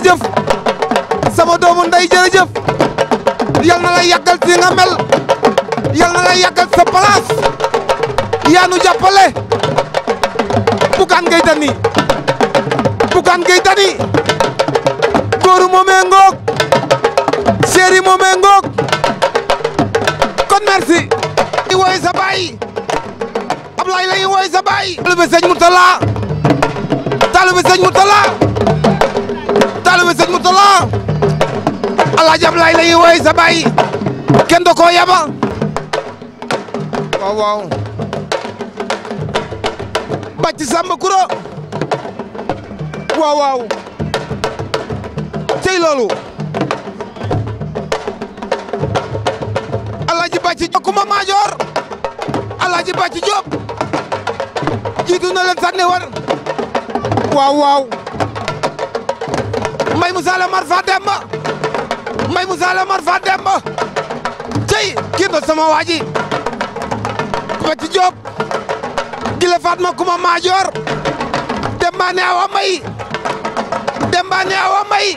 jërëjëf sama doomu nday jërëjëf yal na la yàggal si nga yal na la yàggal sa place yaa nu jàppale Bougane Gueye Dany Bougane Gueye Dany góoru moomee ngoog chéri moomee ngoog kon merci i sa baay Ablaye lay wooy sa baay taalibe sëñ Moutala taalibe sëñ Moutala Alaaji Murtala Alaaji Ablaay la ñuy woy sa kenn da koo yaba waaw Samba Kura waaw waaw Alaaji bàcc Kuma Maajoor Alaaji bàcc Jóob jiitu na leen sànni war Mbay Moussa Lamar fa Demba Mbay Moussa Lamar fa Demba cey kii na sama waaji ba ci Diop gila Fatma kuma maajoor Demba awa Mbay Demba awa Mbay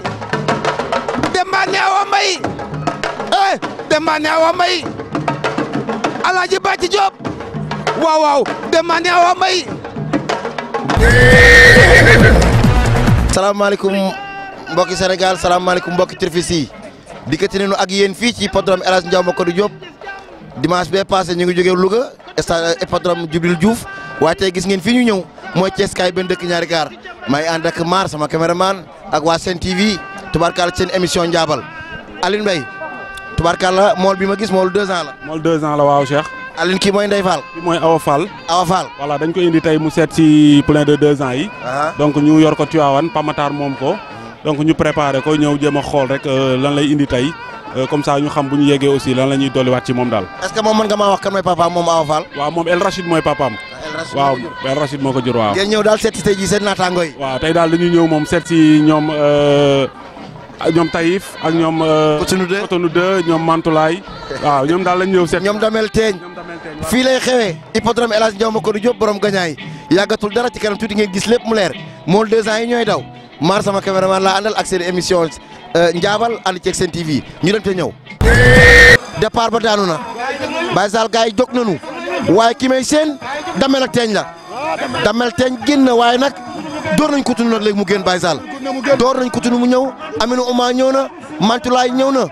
Demba ne awa Mbay Alaaji ba ci Diop waaw waaw Demba ne awa Mbay mbokki senegal Sénégal alaikum mbokki trifisi yi dikkati nañu ak yeen fi ci podrom El Hadj Ndiaye du job dimanche be passé ñu ngi jógee Louga stade podrom jubil djouf wa tay gis ngeen fi ñu ñew moy ci sky ben deuk ñaari gar may and ak Mar sama cameraman ak wa Sen TV tubaarkaal seen émission ndiabal aline bay tubaarkaal mol mool bi ma gis mol 2 ans la. mol 2 ans la waaw Cheikh. aline ki moy ndey Fall. bi moy Awa Fall. Awa Fall voilà dañ ko indi tay mu set ci plein de 2 ans yi. donc ñu yor ko tiwawan Pamatar mom ko. donc ñu préparer ko ñëw jéem xol rek euh, lan lay indi tay euh, comme ça ñu xam buñu yégué aussi lan lañuy doli wat ci mom dal est-ce que moom mën nga maa wax kan moy papa mom Awa Fall. waaw moom El Rachid mooy papaam. Ah, waaw El Rachid moo jur waaw. ngeen ñëw dal setti tay ji jii seen naataango yi. waaw tay dal dañuy ñëw mom setti ñom euh ñom taif ak ñoom. Euh, Cotonou 2 Cotonou 2 ñoom Mantulaay. waaw ñom daal lañu ñëw seet. ñoom Damel Teeñ fi lay xewé hippodrome El Hadj Ndiaw Macodou Diop borom gañay yagatul dara ci kanam tuuti ngeen gis lepp mu leer mool 2 ans yi ñooy daw maar sama caméraman laa àndal ak seen émission euh, TV ñu dem te ñëw. départ ba daanu na Baye Sall gars yi jóg nañu waaye ki may seen damel ak teeñ la damel teeñ génn waaye nag door nañ ko tunu nag mu génn Baye Sall door nañ ko tunu mu ñëw Aminou Ouma ñëw na Mantulaay ñëw na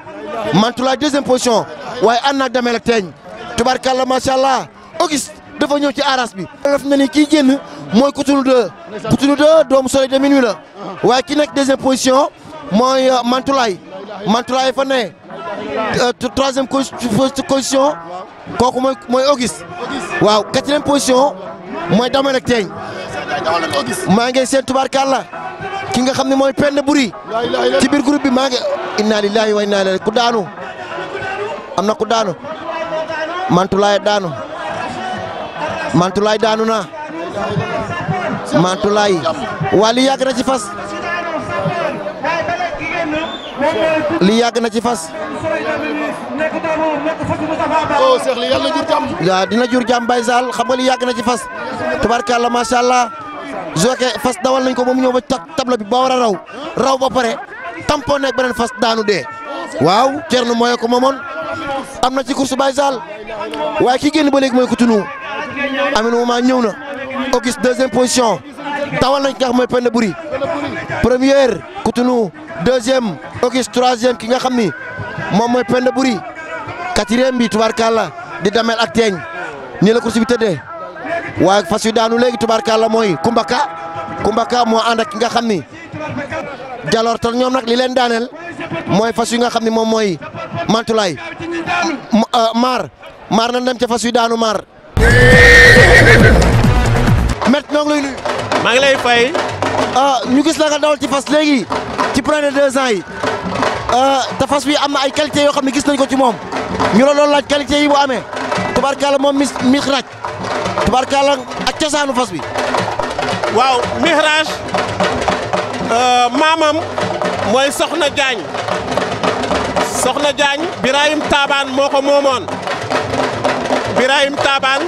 Mantulaay deuxième position waaye ànd naag damel ak teeñ tubaarkàlla macha allah Auguste dafa ñëw ci aras bi. def na kii génn. deux Cotonou 2 Cotonou 2 de minuit la ki deuxième position moi euh, Mantulay Mantulay fa ne euh, troisième position kooku mooy mooy Auguste waaw quatrième position moi Damalek Moi maa ngi ki nga le Buri ci bir groupe bi maa inna lillahi wa inna ilayhi ku amna ku daanu daanu Mantoulaye waa li yàgg na ci fas li yàgg na ci fas. oh dina jur jàmm Baye Sall xam nga li yàgg na ci fas tubarkalla macha allah joxe fas dawal nañ ko ba mu ñëw ba tableau bi ba war a raw raw ba pare tamponné ak beneen fas daanu dee. waaw Thierno mooy ko moomoon am na ci course Baye Sall waaye ki génn ba léegi mooy ku tunu Amin Momar ñëw na. Auguste deuxième position tawal nañ ki nga première Coutounou deuxième Auguste troisième ki nga xam ni moom Pendebouri. quatrième bi tubaarkàlla di damel ak teeñ ñi la course bi tëddee waaye fas daanu léegi tubaarkàlla Kumbaka Kumbaka moi, ànd ak ki nga xam ni jaloor tal ñoom nag li leen nga xam ni moom mooy mantulaay euh, Mar. na dem daanu met ñoo ngi lay nuyu. maa ngi lay fay. ah ñu gis la nga dawal ci fas léegi ci près de yi ah, te fas wi am na ay qualité yoo xam ne gis nañ ko ci moom ñu la loolu laaj qualité yi mu amee tubarkalla moom mi mihraj tubarkalla ak cosaanu fas wi. waaw mihraj euh, maamam mooy Soxna Diagne Soxna Diagne Birahim Taabaan moo ko moomoon Birahim Taabaan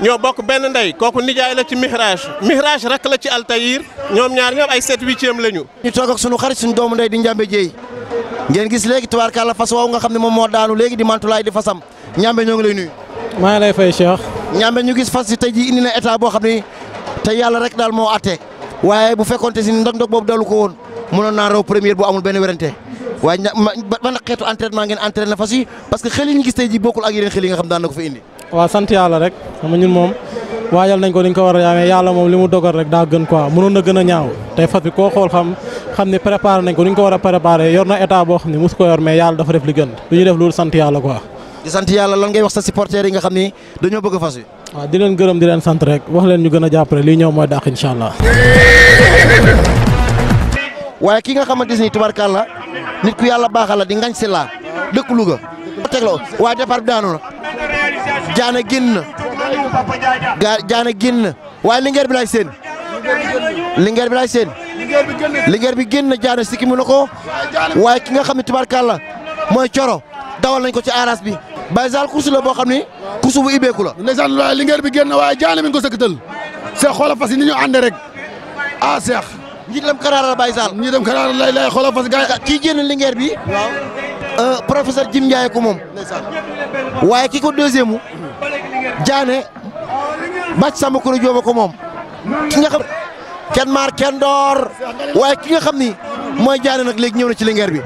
ñoo bokk benn ndey kooku nijaay la ci Mihraj Mihraj rak la ci Altayir ñoom ñaar ñoom ay sept huitième la ñu. ñu toog sunu xarit suñu doomu ndey di Njambe Jéy ngeen gis léegi tubaarkàlla fas woowu nga xam ne moom moo daanu léegi di mantulaay di fasam Njambe ñoo ngi lay nuyu. maa ngi lay fay Cheikh. Njambe ñu gis fas yi tey jii indi na état boo xam ni tey yàlla rek daal moo àtte waaye bu fekkonte si ndog-ndog boobu dalu ko woon mënoon naa raw première bu amul benn werante waaye ña ban xeetu entraînement ngeen entraîné fas ko fi wa sant yalla rek xam nga ñun mom wayal nañ ko ni ñu ko war a yaamee yàlla dogal rek da gën quoi mënon na gëna ñaaw tay fat bi ko xol xam xam ne nañ ko ni ko yor na état bo xam ne mosu yor mais yalla dafa def li gën def lool sant yalla quoi. di sant yalla lan ngay wax sa supporter yi nga xam ni dañoo bëgg fas wi. waaw di leen gëreum di leen sant rek wax leen ñu gëna jappalé li ñew moy mooy inshallah waye ki nga xamante ni tubarkallah nit ku yalla baxala di ngañ si laa dëkk Louga. teg la wa départ daanu jaana génn na gaa jaana génn na waaye lingeer bi laaj seen lingeer bi laaj seen lingeer bi génn na jaana sikkimu na ko waaye ki nga xam ne tubaarkàlla mooy coro dawal nañ ko ci aras bi Baye Sall kursu la boo xam ni kursu bu ibeeku la. ndeysaan waaye lingeer bi génn na waaye jaana mi ngi ko sëkkatal seex xoola fas yi ni ñu àndee rek ah seex. ñi dem Karaara la Baye Sall. ñi lay lay xoola fas gaa kii génn lingeer bi. Euh, professeur Jim Ndiaye ko moom waaye ki ko deuxième mu jaane bàcc sama kuréel jooba ko moom ki nga xam kenn maar kenn door waaye ki nga xam ni mooy jaane nag léegi ñëw na ci lingeer bi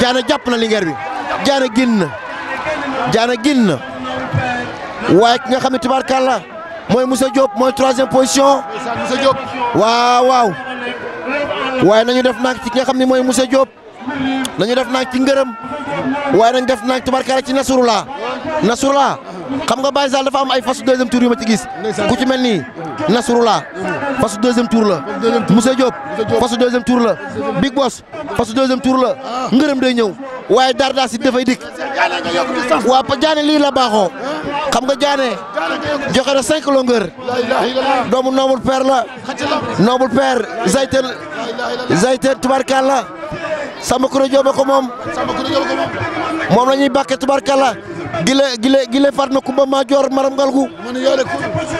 jaane jàpp na lingeer bi jaane génn na jaane génn na waaye ki nga xam ne tubaarkàlla mooy Moussa Diop mooy troisième position Moussa Diop waaw waaw waaye nañu def naag ci ki nga xam ne mooy Moussa Diop nañu def naag ci ngërëm waaye nañ def nañ tubarkaale ci Nasrullah Nasrullah xam nga Baye Sall dafa am ay fasu deuxième tour yu ma ci gis ku ci mel nii Nasrullah fasu deuxième tour la Moussa Diop fasu deuxième tour la Big Boss fasu deuxième tour la ah. ngërëm day ñëw waaye Darda si dafay dikk waa Diané lii la baaxoo ah. xam nga Diané joxe na cinq longueur doomu noble père la noble père Zaytel Zaytel tubarkaal la Samba Kouré Diop ko moom moom la ñuy bàkke tubarkalla gile gile gile far na Kumba Maajoor maram ngalgu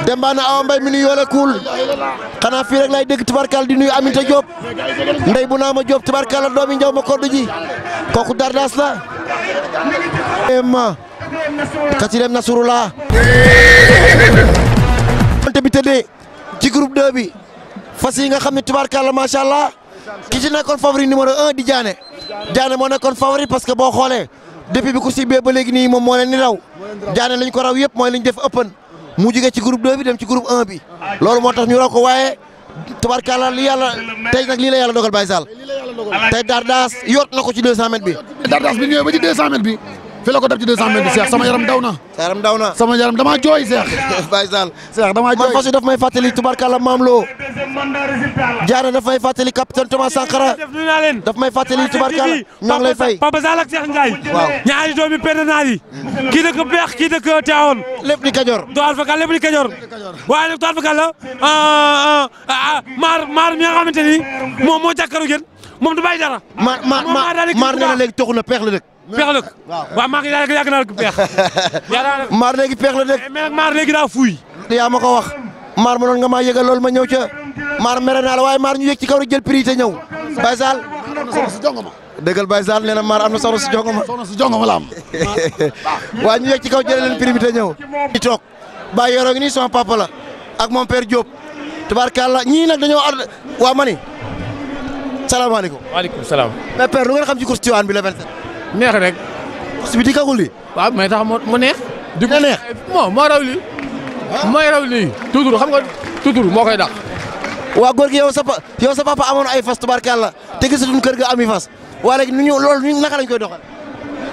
Demba na Awa mi nu yoole kuul xanaa fii rek laay tubarkalla di nuyu Aminta Diop ndey bu naam ma Diop tubarkalla doomi njaw ma koddu ji kooku dardas la ma katirem nasurulaa wante bi tëddee ci groupe 2 bi fas yi nga xam ne tubarkalla macha allah ki ci nekkoon favori numéro un di Diané Diané moo nekkoon favori parce que boo xoolee depuis bi ko sibbee ba léegi moom moo leen ni raw Diané ko raw yëpp mooy lañ def ëppan mu jugee ci groupe 2 bi dem ci groupe 1 bi loolu moo tax ñu raw ko waaye tubarkalla li yàlla tey nag lii la dogal Baye Sall tey Dardas yoot na ko ci 200 mètres bi. fi la ko def ci 200 mètres Cheikh sama yaram daw na. yaram daw sama yaram damaa jooy Cheikh. Baye Sall Cheikh damaa jooy man fas yi daf may fàttali tubarkalla maam loo. jaara daf may fàttali capitaine Thomas Sankara daf may fàttali lay fay. Papa Sall ak Cheikh Ndiaye. waaw ñaari doomi perte naa yi. kii dëkk Beex kii dëkk Thiawane. lépp di Kajoor. Toile Fakal lépp di Kajoor. waaye nag Toile Fakal la ah, ah, ah, maar maar mi nga xamante ni moom moo jàkkaaru gën moom du bàyyi dara. maar maar maar nee na léegi toxu na peex la dëkk peex la waaw maa ngi yàgg naa peex. maar léegi peex la de. mais maar léegi daa fuuy. yaa ma ko wax maar ma noon nga maa yëgal loolu ma ñëw ca maar mere naa la waaye maar ñu yëg ci kaw rek jël prix te ñëw Baye Sall. dëggal Baye Sall nee na maar am na soxna si jongoma soxna si jongoma waaye ñu yëg ci kaw jël leen prix bi te ñëw. di toog Baye nii sama papa la ak moom père Diop tubaarkàlla ñii nag dañoo ad waa mani salaamaaleykum. waaleykum salaam. mais père lu ngeen xam ci course Tivaouane bi la neex rek ci bi di kagul li mais tax mo neex di ko neex mo mo raw li ah. moy raw li tudur xam nga tudur mo koy dak wa gor gi yow sa yow sa papa amono ay fas tubarkalla te gisatun keur ga ami fas wa legi ñu lool ñu naka lañ koy doxal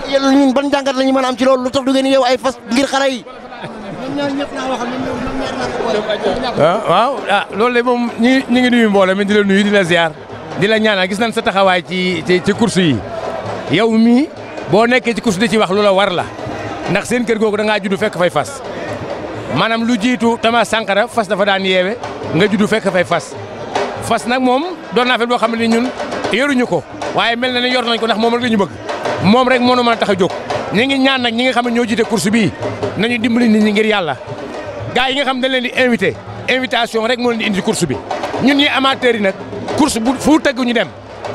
yel ñu ban jangat lañu mëna am ci lool lu tax du gene yow ay fas ngir xara yi ah, waaw ah loolu de ñi ngi nuyu mbooloo mi di la nuyu di la ziar di la ñaanal gis nañ sa taxaway ci ci ci course yi yow mi bo nekk ci course di ci wax lula war la ndax seen kër googu da nga juddou fekk fay fas manam lu jitu Thomas Sankara fas dafa daan yewé nga juddou fekk fay fas fas nak mom do na fi bo xamni ñun yoruñu ko waye melna ni yor nañ ko ndax mom rek la ñu bëgg mom rek mënu nu taxaj a ñi ngi ñaan nak ñi nga xamni ñoo jité kursu bi nañu dimbali nit ñi ngir yalla gaay yi nga xam dañ leen di inviter invitation rek mo leen di indi kursu bi ñun ñi amateur yi nak kursu bu fu tëgg ñu dem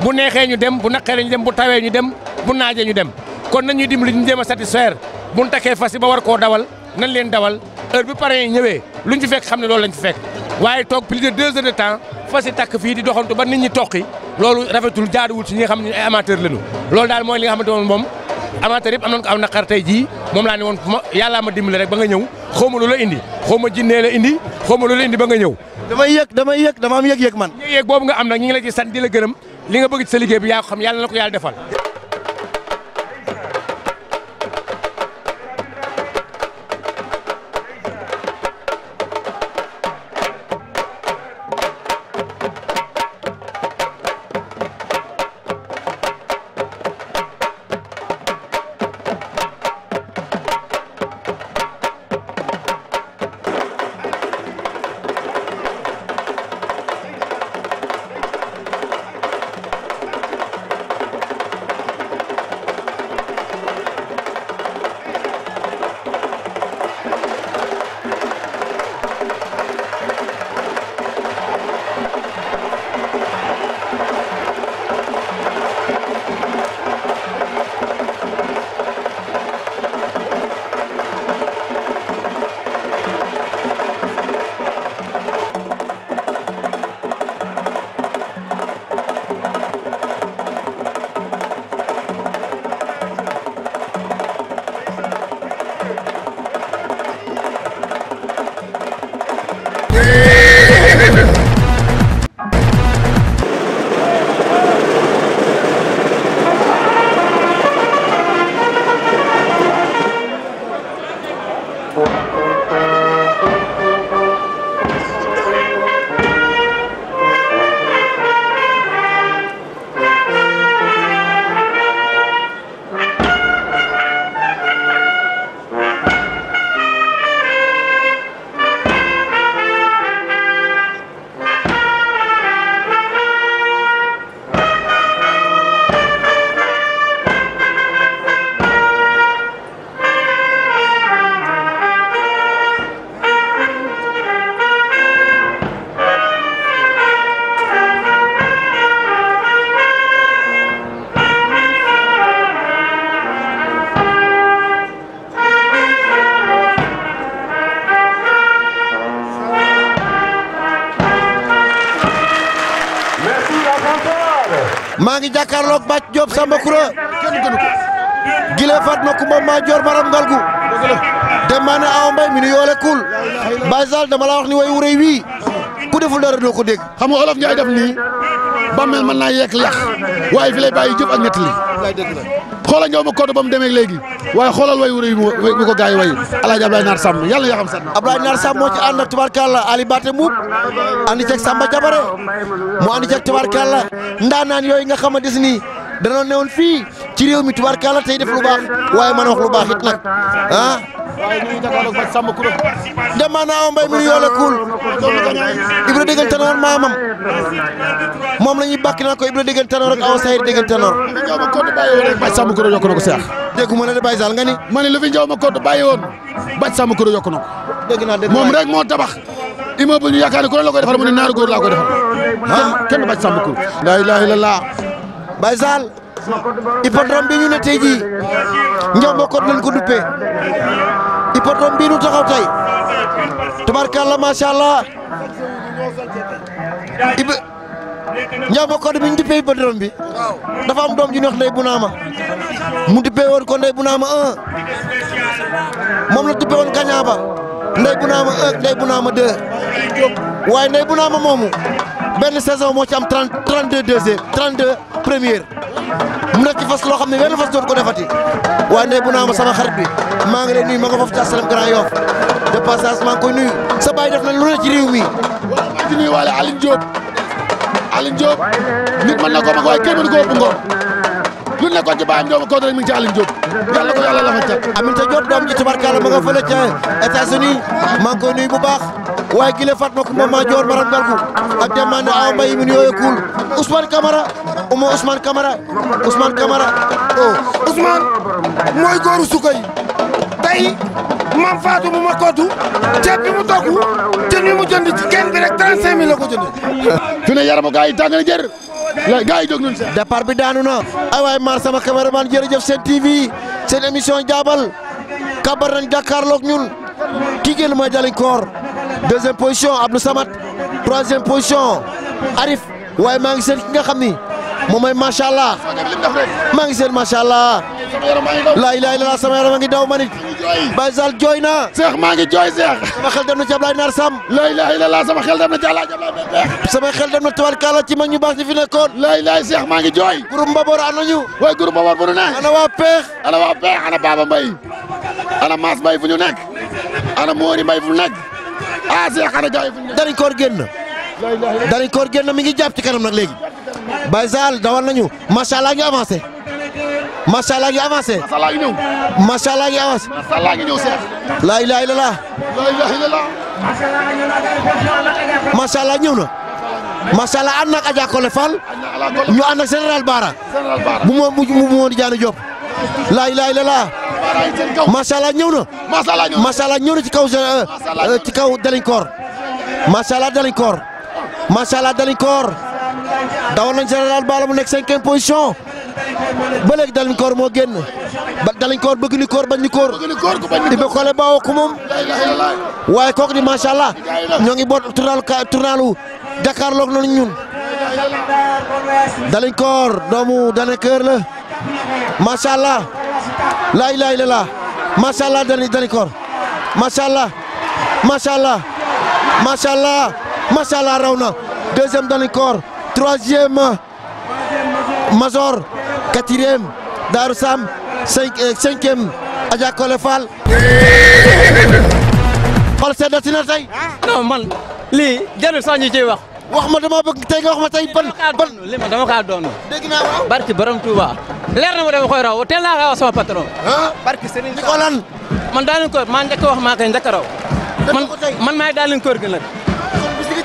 bu neexee ñu dem bu naqaree ñu dem bu tawee ñu dem bu naajee ñu dem kon nañuy dimbali ñu jéem a satisfaire bu ñu takkee fas yi ba war koo dawal nañ leen dawal heure bi parrain yi ñëwee luñ ci fekk xam ne loolu lañ ci fekk waaye toog plus de deux heures de temps fas yi takk fii di doxantu ba nit ñi toqi loolu rafetul jaaduwul ci ñi nga xam ne ay amateur lañu loolu daal mooy li nga xamante woon moom amateur yëpp am nañ ko aw naqar tey jii moom laa ne woon ma yàllaa ma dimbali rek ba nga ñëw xaw ma indi xaw ma jinnee la indi xaw ma lu la nga ñëw damay yëg damay yëg dama am yëg-yëg man yëg-yëg boobu nga am nag ñi ngi la ci sant di la gërëm li nga bëgg ci sa liggéey bi yaa ko xam yàlla na ko yàlla defal jàkkaarloog Bac Diop Samba Koura kenn gënu ko gile Fatma Kumba maa joor maram ngalgu dem maa ne awa mbay mi nu yoole kuul Baye Sall dama la wax ni way wuréy wii ku deful dara doo ko dégg xam nga olof Njaay def nii bàmmeel mën naa yekk lex waaye fi lay bàyyi jëf ak nettali xoola xoolal ñoom Kodo ba mu demee léegi waaye xoolal way wu rëy mu ko gars yi way El Hadj Abdoulaye Nar Samb yàlla yoo xam sax. Abdoulaye Nar Samb moo ci ànd ak tubaarkàlla Ali Baté Mbuub ànd ceeg Samba Jabare cak ànd ceeg tubaarkàlla ndaanaan yooyu nga des ni danoon newoon fii ci réew mi tubaarkàlla tey def lu baax waaye mën a wax lu baax it nag ah. waaye ñu ngi jàkkaarloog Bathie Samba Coura dem maanaam mbay mi nu yoola kuul Ibra déggal tanoor maamam moom la ñuy ko Ibra déggal tanoor ak Awa Sahir déggal tanoor Bathie Samba Coura yokk na ko seex dégg ma ne de Baye Sall nga ni ma ne lu fi naa dégg moom rek moo tabax immeuble ñu yaakaar ne ko la koy defal mu ne naaru laa koy defal ah. kenn Bathie Samba Coura la ilaha illallah Baye Sall hippodrome bi ne tey njaw ma kott lañ ko duppee Bordeaux mbii nu taxaw tey tubarkalla macha allah Iba ñaama ko bi ñu dippee Iba doom bi dafa am doom ju ñu wax ndey bunaama mu dippee woon ko ndey bunaama un moom la dippee woon kañaa ba ndey bunaama un ndey bunaama deux waaye ndey bunaama moomu benn saison moo ci am trente de deux deuxième trente deux mu nekk fas loo xam ne wenn fas doon ko defati waaye ndey bu naa ma sama xarit bi maa ngi lay nuyu ma nga foofu ci asalam Grand Yoff de koy nuyu sa baay def na lu ne ci réew mi di ko mag waaye kenn ko ëpp lu nekkoon ci doomu kóod mi ngi ci Aline Diop ko yàlla la fa cat amin ta jot doom ma nga fële ca États-Unis koy nuyu bu baax waaye Fatma Kumba maa joor maram galgu ak dem awa mbay omo Ousmane Camara Ousmane Camara oh Ousmane mooy góoru suka tey maam Fatou mu ma kootu ceeb bi mu togg jën bi mu jënd ci kenn bi rek 35000 la ko jëndee. fi ne yaramu gars yi tàng na jër la gars yi jóg nañu si. daanu na ay waay maar sama cameraman jërëjëf seen TV seen émission jaabal kabar nañ jàkkaarloog ñun kii génn mooy Jaliñ Koor deuxième position Abdou Samad troisième position Arif waaye maa ngi ki nga xam ni. moom mooy macha allah maa ngi seen macha allah laa ilaaha illallaah sama a ngi daw manit Baye Sall jooy naa seex maa ngi jooy seex sama xel dem na ci Ablaye Naar Sam laa ilaaha illallaah xel dem na ci Alaaji Ablaye sama xel dem na tabarkaala ci mag ñu baax ñi fi nekkoon laa ilaaha seex maa ngi jooy groupe Mbaboor ana ñu waay groupe Mbaboor bu ñu nekk ana waa Peex ana waa Peex ana Baba mbay ana Maas Mbaye fu ñu nekk ana Moori mbay fu ñu nekk ah seex ana gaay fu ñu nekk dari koor génn dari koor génn mi ngi jàpp ci kanam nag léegi Baye Sall dawal nañu macha allah ngi avancé macha allah ngi avancé. macha allah ngi ñëw. macha allah ngi avancé. macha laa ilaaha illallah. laa ilaaha illallah. macha allah ñëw ñu ànd ak Baara. général Baara bu ma bu ma woon di laa ilaaha illallah. macha allah ñëw na. ci kaw ci kaw Dalinkoor. macha allah Dalinkoor. macha dawon nañ général Balla mu 5e position ba leg dal koor mo genn ba dal koor bëgg ni koor bañ ni koor ibe ko di macha allah ñoo ngi ka tournal dakar lok nañ ñun dal koor doomu dana kër la machallah la ilaha illallah machallah dal dalañ dalañ koor machallah machallah machallah machallah rawna deuxième dal koor troisième Mazor quatrième Darou Sam cinq euh, cinquième Adja Kole Fall. xool sedd si na tey. non man lii jarul sax ñu wax. wax ma dama bëgg tey nga wax ma tey ban ban li ma dama kaa doon. dégg naa waaw barki borom Touba. leer na ma dama koy raw teel naa a wax sama patron. barki Serigne Nicolas. man daal di ko maa njëkk a wax maa koy njëkk a raw. man man daal di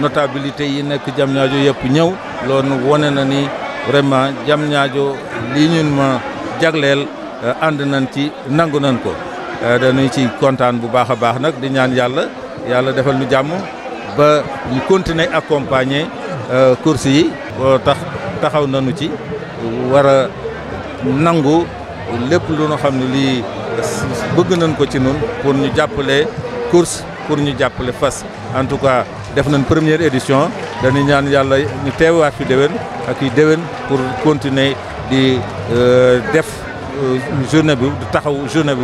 notabilité yi nekk Diamniadio yëpp ñëw loolu wone na ni vraiment Diamniadio lii ñun ma jagleel euh, ànd nañ ci nangu nañ ko euh, dañuy ci kontaan bu baax a baax nag di ñaan yàlla yàlla defal ñu jàmm ba ñu continuer accompagner euh, course yi boo tax taxaw nanu ci war a nangu lépp lu ñu xam ne lii bëgg nañ ko ci nun pour ñu jàppale course pour ñu jàppale fas en tout cas def nañ première édition dañu ñaan yàlla ñu fi ak pour continuer di euh, def euh, journée bi taxaw journée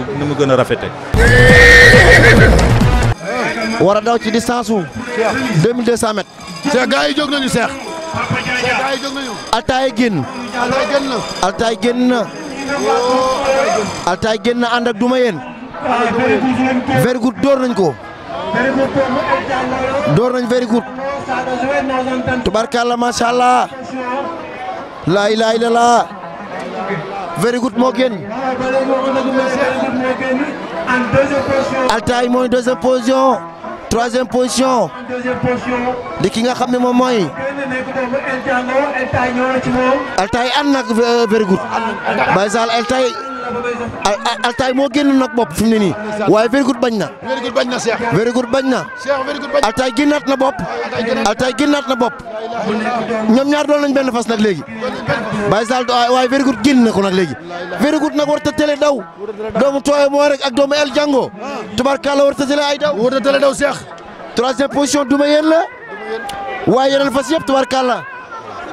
distance 2200 mètres. C'est gars yi jóg nañu duma nañ ko. door nañ very good tubarkalla macha allah laa ilaaha illallah very good moo génn Altaï mooy deuxième position troisième position ki nga xam ne moom mooy Altaï ànd nag very good Baye Sall Altaï altaay moo génn nag bopp fi mu ne nii waaye Vergoune bañ na. Vergoune bañ na Cheikh. Vergoune bañ na. Cheikh Vergoune na. altaay génnaat na bopp. altaay génnaat na bopp. ñoom ñaar doon nañ benn fas nag léegi. Baye Sall waaye Vergoune génn na nag léegi. Vergoune nag war ta tele daw. doomu tooye moo rek ak doomu El Django. tubarkalla war ta tele ay daw. war ta tele daw position duma yéen la. waaye yeneen fas yëpp tubarkalla.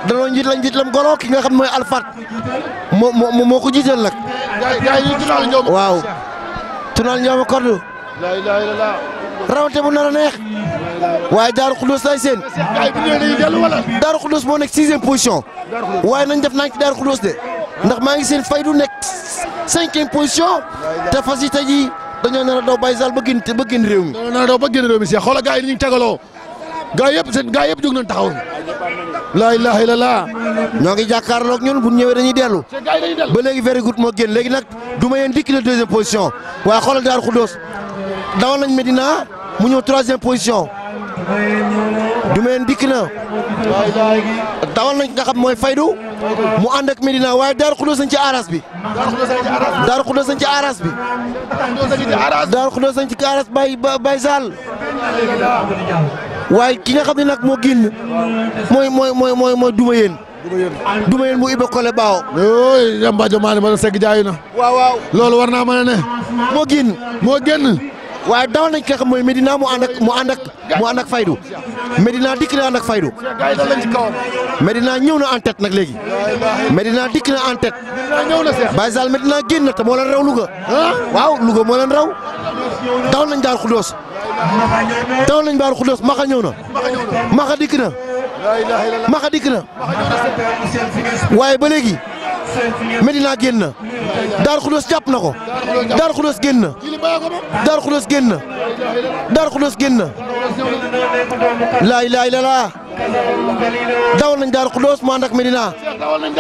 danoo njiit la njiit lam golo ki nga xam mooy Alfat moo moo ko jiiteel nag. waaw tunaal ñoom Kordu rawante bu nar a neex waaye Daaru Khoudoss lay seen Daaru Khoudoss moo nekk sixième position waaye nañ def naa ci Daaru Khoudoss de ndax maa ngi seen faydu nekk cinquième position te fas yi tey jii dañoo nar a daw Baye Sall ba gën ba gën réew mi. a daw ba gën réew mi si yi ñu tegaloo gars yëpp seen gars yëpp jóg nañ taxaw. laa ilaha illallah ñoo ngi jàkkaarloog ñun bu ñëwee dañuy dellu ba léegi very good moo génn léegi nag du ma yeen dikki la deuxième position waaye xoolal Daaru Xuddoos dawal nañ Medina mu ñëw troisième position du ma yeen dikk na dawal nañ nga xam mooy faydu mu ànd ak Medina waaye Daaru Xuddoos nañ ci aras bi Daaru Xuddoos nañ ci aras bi Daaru Xuddoos nañ ci aras bay bay sall waaye ki nga xam ne nag moo génn mooy mooy mooy mooy mooy duma yéen. duma yéen mu Iba Kole Baaw. yooyu yam Badio Maane ma segg jaayu na. waaw waaw loolu war naa mën a ne. moo génn. moo génn. waaye dawal nañ ki nga xam mooy Medina mu ànd ak mu ànd ak mu ànd ak faydu Medina dikk na ànd ak faydu Medina ñëw na en tête nag léegi Medina dikk na en tête Baye Sall Medina génn te moo leen raw Louga ah? waaw Louga moo leen raw dawal nañ daal Khoudoss taw nañ baar xuddos maxa ñëw na maxa dikk na maxa dikk na waaye ba léegi Medina génn na Daar Xulóos jàpp na ko Daar Xulóos génn na Daar Xulóos génn na Daar Xulóos génn na laay laay la dawal nañ Daar Xulóos mu ànd ak Medina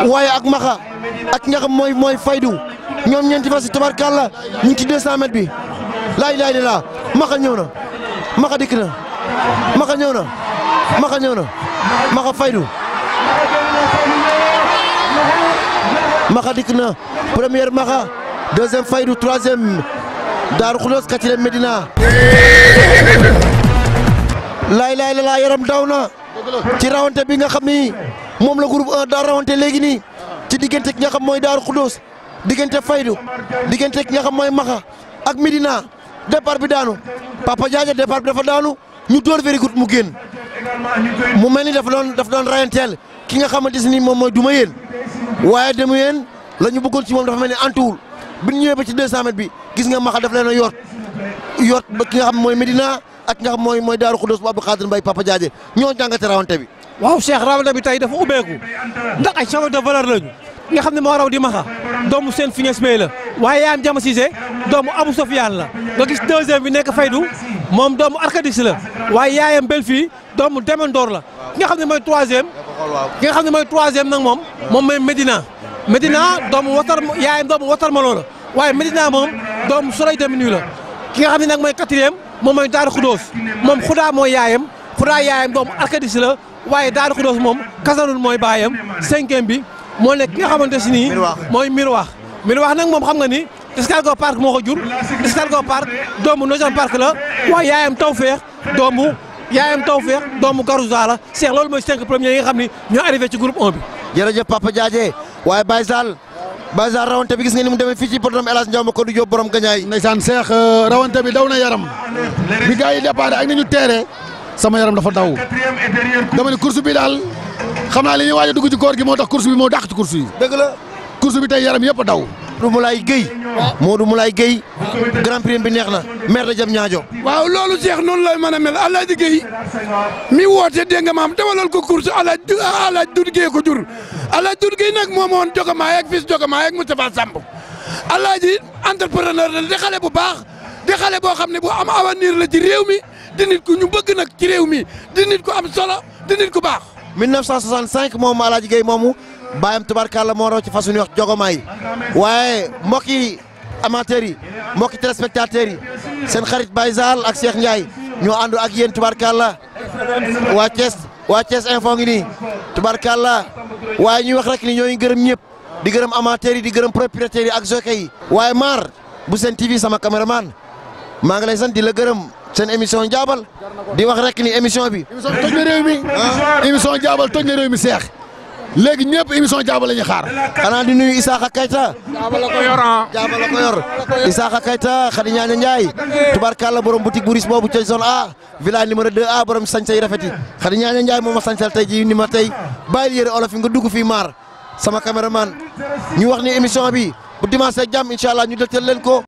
waaye ak maxa ak ñaxam mooy mooy faydu ñoom ñeenti fas yi tabarkàlla ñu ngi ci 200 bi laay laay laa maxa ñëw na maxa diki na maxa ñëw na maxa ñëw na maxa faydu maxa dikk na première maxa deuxième faydu troisième daar xulos quatrième médina laay laay laa yaram daw na ci rawante bi nga xam ni moom la groupe 1 daa rawante léegi nii ci diggante ki nga xam mooy daaru xulos diggante faydu diggante ki nga xam mooy maxa ak médina depart bi daanu Papa Diagne départ bi dafa daanu ñu door verigoutte mu génn mu mel ni dafa doon dafa doon rayanteel ki nga xamante ni moom mooy duma yéen waaye demu yéen la ñu bëggoon ci moom dafa mel ni antuwul bi ñu ba ci 200 mètres bi gis nga maxa daf leen a yoot yoot ba ki nga xam mooy Medina ak nga xam mooy mooy Daaru Xuddoos bu Abdou Xaadir Mbaye Papa Diagne ñoo jàngate rawante bi. waaw Cheikh rawante bi tey dafa ubbeeku ndax ay chevaux de valeur lañu nga xam ne moo raw di maxa doomu seen Fignes Mey la waaye yaayam Jama Cissé doomu Abou Sofiane la nga gis deuxième bi nekk Faydou moom doomu Arkadis la waaye yaayam Belfi doomu Demendor la ki nga xam ne mooy troisième ki nga xam ne mooy troisième nag moom moom mooy Medina Medina doomu watar yaayam doomu watar maloo la waaye Medina moom doomu Soray Daminu la ki nga xam ne nag mooy quatrième moom mooy Daaru Xudoos moom Xudaa mooy yaayam Xudaa yaayam doomu Arkadis la waaye Daaru Xudoos moom Kasanul mooy baayam cinquième bi moo nekk ki nga xamante si nii mooy Miroir Miroir nag moom xam nga ni Escargot Park moo ko jur Escargot Park doomu Notion Park la waaye yaayam Tawfeex doomu yaayam Tawfeex doomu Garouza la Cheikh loolu mooy cinq premiers yi nga xam ni ñoo arrivé ci groupe 1 bi jërëjëf Papa Diagne waaye Baye Sall Baye Sall rawante bi gis nga ni mu demee fii ci podrom El Hadj Ndiaw ma ko du jóob borom gañaay ndeysaan Cheikh euh, rawante bi daw na yaram bi gars yi départ ak ni ñu teere sama yaram dafa daw dama xam naa li ñuy waaj a dugg ci koor gi moo tax course bi moo dàq ci course yi. dëgg la course bi tey yaram yëpp a daw. Modou moo Guèye. Modou Moulay Guèye. grand prix bi neex na maire de Diamniadio. waaw loolu seex noonu lay mën a mel El Hadj Guèye mi woote dégg nga maam dawalal ko course El Hadj El Hadj Doudou Guèye ko jur El Hadj Doudou Guèye nag moo ma woon Jokamaay ak fils Jokamaay ak Moustapha Samb El Hadj entrepreneur la di xale bu baax di xale boo xam ne bu am avenir la ci réew mi di nit ñu bëgg nag ci réew mi di nit ku am solo di nit baax. 1965 moom Alaaji Gueye moomu baayam tubarkalla moo raw ci fas yu ñuy wax jogomaay waaye mbokki amateurs yi mbokki téléspectateurs yi seen xarit Baye Zal ak Cheikh Ndiaye ñoo ànd ak yéen tubarkalla waa Thiès waa Thiès info ngi nii tubarkalla waaye ñuy wax rek ni ñoo gërëm ñëpp di gërëm amateurs yi di gërëm propriétaires yi ak jockey yi waaye Mar bu seen TV sama caméraman maa ngi lay san di la gërëm. seen émission jaabal di wax rek ni émission bi. émission bi toj na réew mi ah. émission seex léegi ñëpp émission jaabal la ñuy xaar. xanaa di nuyu Isaaxa Kayta. jaabal la ko yor ah. jaabal la ko yor Isaaxa Kayta Khady Niane Ndiaye. borom boutique bu riche boobu ca zone A village numéro 2 A borom sañse yu rafet yi Khady Niane Ndiaye moom ma sañsal tey jii ni ma tey bàyyi yére olof yi nga dugg fii maar sama caméraman ñu wax ni émission bi bu dimanche ak jàmm ñu dëgtal leen ko.